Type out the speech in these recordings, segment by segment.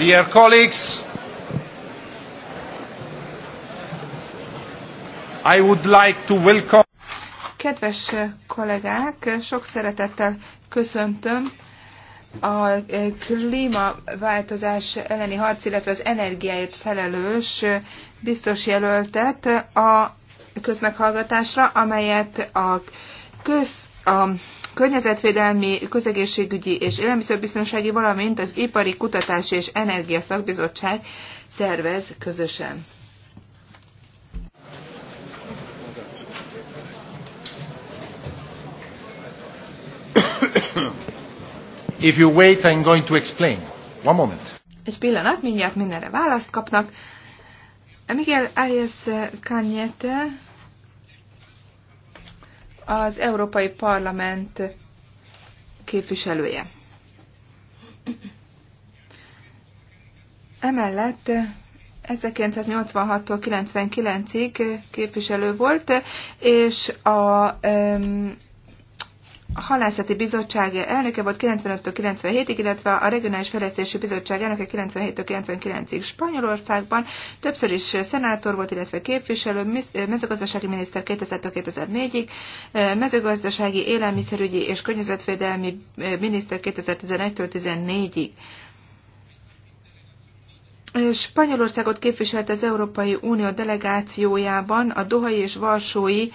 Dear colleagues, I would like to welcome Kedves kollégák, sok szeretettel köszöntöm a eh, klímaváltozás elleni harc, illetve az energiáért felelős biztos jelöltet a közmeghallgatásra, amelyet a köz, a Környezetvédelmi, Közegészségügyi és Élelmiszerbiztonsági, valamint az Ipari Kutatási és Energia Szakbizottság szervez közösen. If you wait, I'm going to explain. One moment. Egy pillanat, mindjárt mindenre választ kapnak. Miguel Arias Cañete, az Európai Parlament képviselője. Emellett 1986-tól 99-ig képviselő volt, és a halászati bizottság elnöke volt 95-től 97-ig, illetve a regionális fejlesztési bizottság elnöke 97-től 99-ig Spanyolországban. Többször is szenátor volt, illetve képviselő, mezőgazdasági miniszter 2000-től 2004-ig, mezőgazdasági, élelmiszerügyi és környezetvédelmi miniszter 2011-től 14-ig. Spanyolországot képviselt az Európai Unió delegációjában a Dohai és Varsói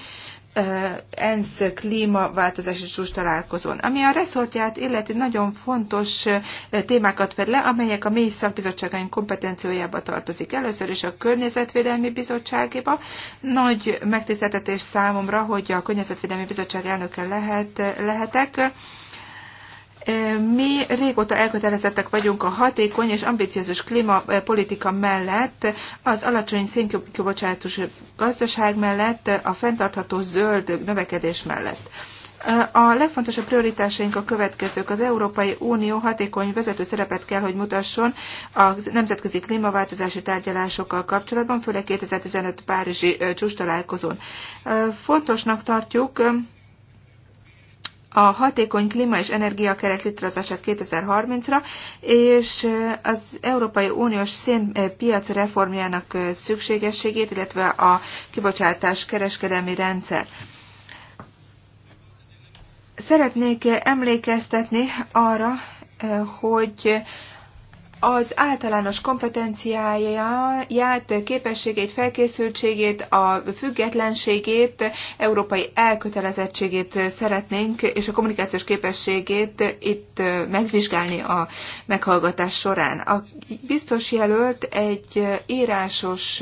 ENSZ klímaváltozási csúcs találkozón, ami a reszortját illeti nagyon fontos témákat fed le, amelyek a mély szakbizottságaink kompetenciójába tartozik. Először is a Környezetvédelmi Bizottságéba. Nagy megtiszteltetés számomra, hogy a Környezetvédelmi Bizottság elnöke lehet, lehetek. Mi régóta elkötelezettek vagyunk a hatékony és ambiciózus klímapolitika mellett, az alacsony szénkibocsátus gazdaság mellett, a fenntartható zöld növekedés mellett. A legfontosabb prioritásaink a következők. Az Európai Unió hatékony vezető szerepet kell, hogy mutasson a nemzetközi klímaváltozási tárgyalásokkal kapcsolatban, főleg 2015 Párizsi csúcs találkozón. Fontosnak tartjuk, a hatékony klíma és energia keret létrehozását 2030-ra, és az Európai Uniós szénpiac reformjának szükségességét, illetve a kibocsátás kereskedelmi rendszer. Szeretnék emlékeztetni arra, hogy az általános kompetenciáját, képességét, felkészültségét, a függetlenségét, európai elkötelezettségét szeretnénk, és a kommunikációs képességét itt megvizsgálni a meghallgatás során. A biztos jelölt egy írásos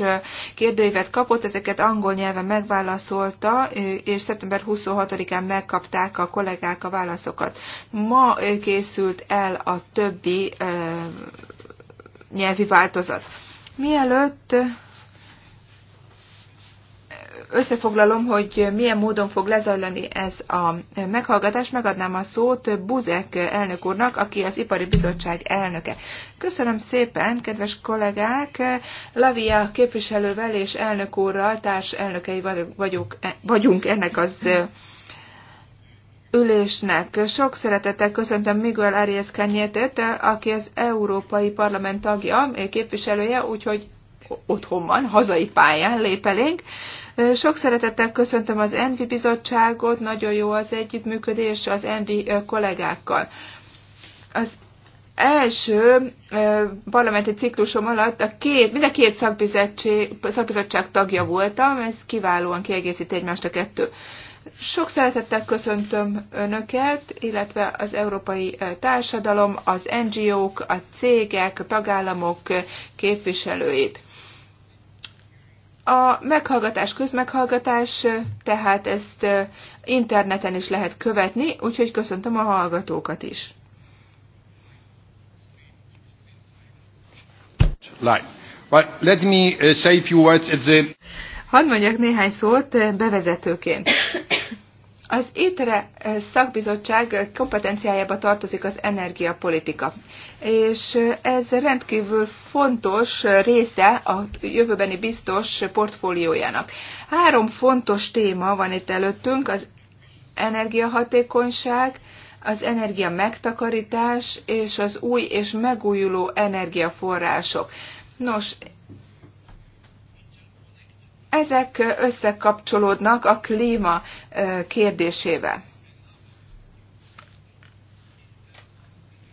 kérdőívet kapott, ezeket angol nyelven megválaszolta, és szeptember 26-án megkapták a kollégák a válaszokat. Ma készült el a többi nyelvi változat. Mielőtt összefoglalom, hogy milyen módon fog lezajlani ez a meghallgatás, megadnám a szót Buzek elnök úrnak, aki az Ipari Bizottság elnöke. Köszönöm szépen, kedves kollégák! Lavia képviselővel és elnök úrral társ elnökei vagyunk ennek az ülésnek. Sok szeretettel köszöntöm Miguel Arias Kenyétét, aki az Európai Parlament tagja, eh, képviselője, úgyhogy otthon van, hazai pályán lép elénk. Eh, sok szeretettel köszöntöm az ENVI bizottságot, nagyon jó az együttműködés az ENVI eh, kollégákkal. Az első parlamenti ciklusom alatt a két, mind a két szakbizottság, szakbizottság tagja voltam, ez kiválóan kiegészít egymást a kettő. Sok szeretettel köszöntöm Önöket, illetve az európai eh, társadalom, az NGO-k, a cégek, a tagállamok eh, képviselőit. A meghallgatás közmeghallgatás, eh, tehát ezt interneten is lehet követni, úgyhogy köszöntöm a hallgatókat is. let me say a few words at the... Hadd mondjak néhány szót bevezetőként. Az étre eh, szakbizottság eh, kompetenciájába tartozik az energiapolitika, és eh, ez rendkívül fontos része a jövőbeni biztos portfóliójának. Három fontos téma van itt előttünk, az energiahatékonyság, az energia megtakarítás és az új és megújuló energiaforrások. Nos, ezek összekapcsolódnak a klíma kérdésével.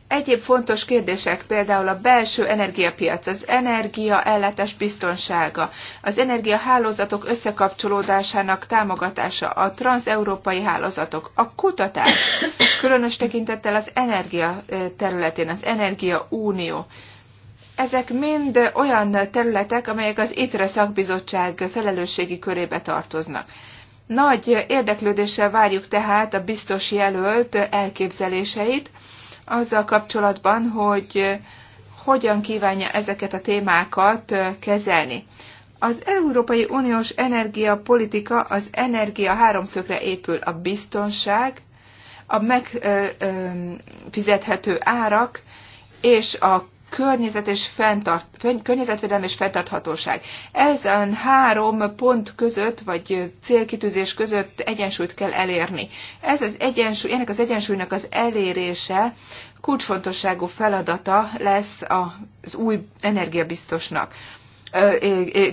Egyéb fontos kérdések például a belső energiapiac, az energia elletes biztonsága, az energiahálózatok összekapcsolódásának támogatása, a transeurópai hálózatok, a kutatás, különös tekintettel az energia területén, az energia unió. Ezek mind olyan területek, amelyek az ITRE szakbizottság felelősségi körébe tartoznak. Nagy érdeklődéssel várjuk tehát a biztos jelölt elképzeléseit azzal kapcsolatban, hogy hogyan kívánja ezeket a témákat kezelni. Az Európai Uniós energiapolitika az energia háromszögre épül a biztonság, a megfizethető árak és a környezet és fenntart, környezetvédelem és fenntarthatóság. Ezen három pont között, vagy célkitűzés között egyensúlyt kell elérni. Ez az egyensúly, ennek az egyensúlynak az elérése kulcsfontosságú feladata lesz az új energiabiztosnak,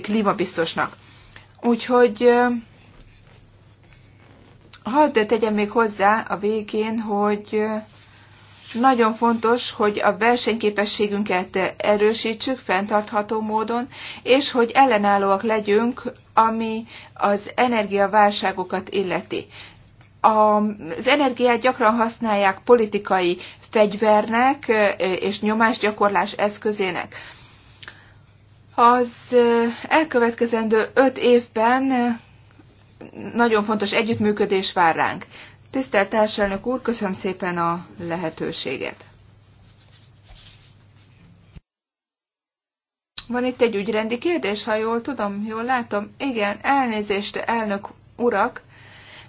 klímabiztosnak. Úgyhogy hadd tegyem még hozzá a végén, hogy nagyon fontos, hogy a versenyképességünket erősítsük fenntartható módon, és hogy ellenállóak legyünk, ami az energiaválságokat illeti. Az energiát gyakran használják politikai fegyvernek és nyomásgyakorlás eszközének. Az elkövetkezendő öt évben nagyon fontos együttműködés vár ránk. Tisztelt társelnök úr, köszönöm szépen a lehetőséget. Van itt egy ügyrendi kérdés, ha jól tudom, jól látom. Igen, elnézést, elnök urak.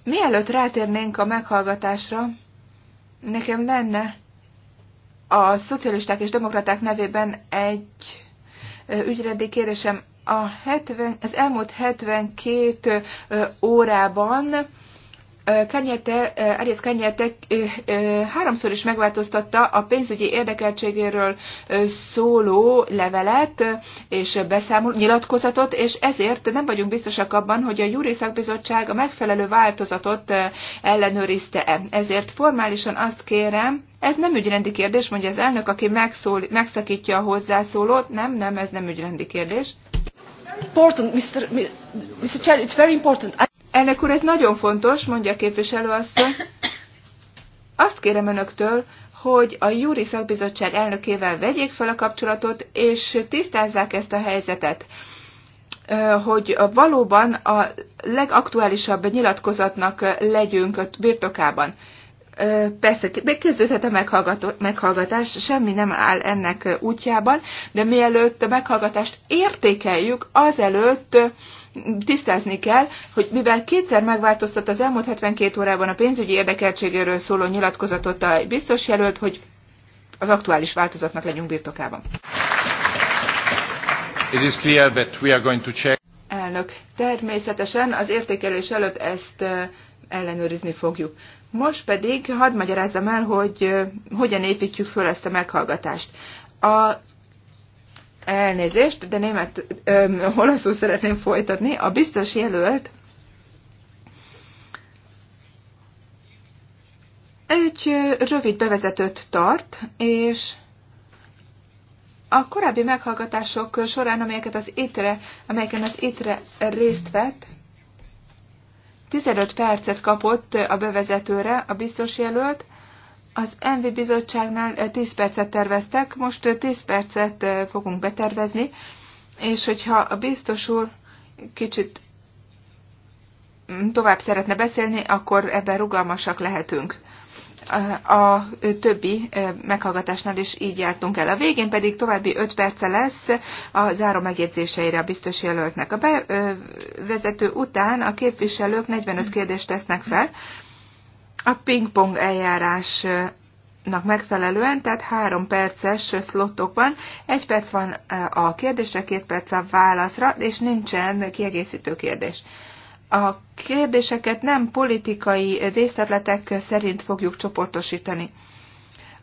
Mielőtt rátérnénk a meghallgatásra, nekem lenne a szocialisták és demokraták nevében egy ügyrendi kérdésem. A 70, az elmúlt 72 órában Kenyete, Arias Kenyete háromszor is megváltoztatta a pénzügyi érdekeltségéről szóló levelet és beszámoló nyilatkozatot, és ezért nem vagyunk biztosak abban, hogy a Júri Szakbizottság a megfelelő változatot ellenőrizte-e. Ezért formálisan azt kérem, ez nem ügyrendi kérdés, mondja az elnök, aki megszól, megszakítja a hozzászólót. Nem, nem, ez nem ügyrendi kérdés. Important, Mr. Mr. Chair, it's very important. Elnök úr, ez nagyon fontos, mondja a asszony. Azt kérem önöktől, hogy a Júri Szakbizottság elnökével vegyék fel a kapcsolatot, és tisztázzák ezt a helyzetet, hogy valóban a legaktuálisabb nyilatkozatnak legyünk a birtokában. Persze, kezdődhet a meghallgatás, semmi nem áll ennek útjában, de mielőtt a meghallgatást értékeljük, azelőtt tisztázni kell, hogy mivel kétszer megváltoztat az elmúlt 72 órában a pénzügyi érdekeltségéről szóló nyilatkozatot a biztos jelölt, hogy az aktuális változatnak legyünk birtokában. It is clear that we are going to check. Elnök, természetesen az értékelés előtt ezt ellenőrizni fogjuk. Most pedig hadd magyarázzam el, hogy hogyan építjük föl ezt a meghallgatást. A elnézést, de német, olaszul szeretném folytatni. A biztos jelölt egy rövid bevezetőt tart, és a korábbi meghallgatások során, amelyeket az ITRE, amelyeken az ITRE részt vett, 15 percet kapott a bevezetőre a biztos jelölt, az ENVI bizottságnál 10 eh, percet terveztek, most 10 eh, percet eh, fogunk betervezni, és hogyha a biztos úr kicsit mm, tovább szeretne beszélni, akkor ebben rugalmasak lehetünk a többi meghallgatásnál is így jártunk el. A végén pedig további 5 perce lesz a záró megjegyzéseire a biztos jelöltnek. A bevezető után a képviselők 45 kérdést tesznek fel a pingpong eljárásnak megfelelően, tehát három perces szlottok van, egy perc van a kérdésre, két perc a válaszra, és nincsen kiegészítő kérdés. A kérdéseket nem politikai részletletek szerint fogjuk csoportosítani.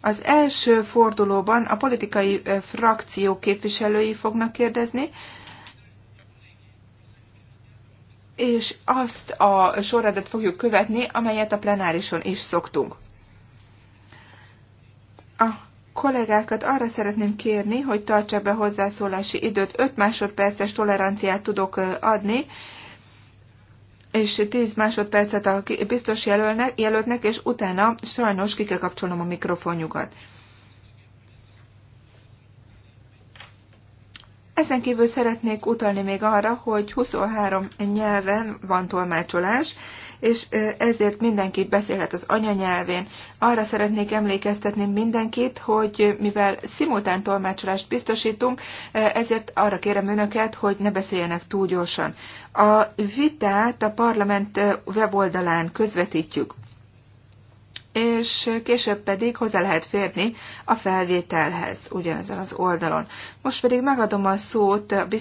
Az első fordulóban a politikai frakció képviselői fognak kérdezni, és azt a sorrendet fogjuk követni, amelyet a plenárison is szoktunk. A kollégákat arra szeretném kérni, hogy tartsák be hozzászólási időt, 5 másodperces toleranciát tudok adni, és 10 másodpercet a biztos jelölnek, jelöltnek, és utána sajnos ki kell kapcsolnom a mikrofonjukat. Ezen kívül szeretnék utalni még arra, hogy 23 nyelven van tolmácsolás, és ezért mindenki beszélhet az anyanyelvén. Arra szeretnék emlékeztetni mindenkit, hogy mivel szimultán tolmácsolást biztosítunk, ezért arra kérem önöket, hogy ne beszéljenek túl gyorsan. A vitát a parlament weboldalán közvetítjük és később pedig hozzá lehet férni a felvételhez ugyanezen az oldalon. Most pedig megadom a szót a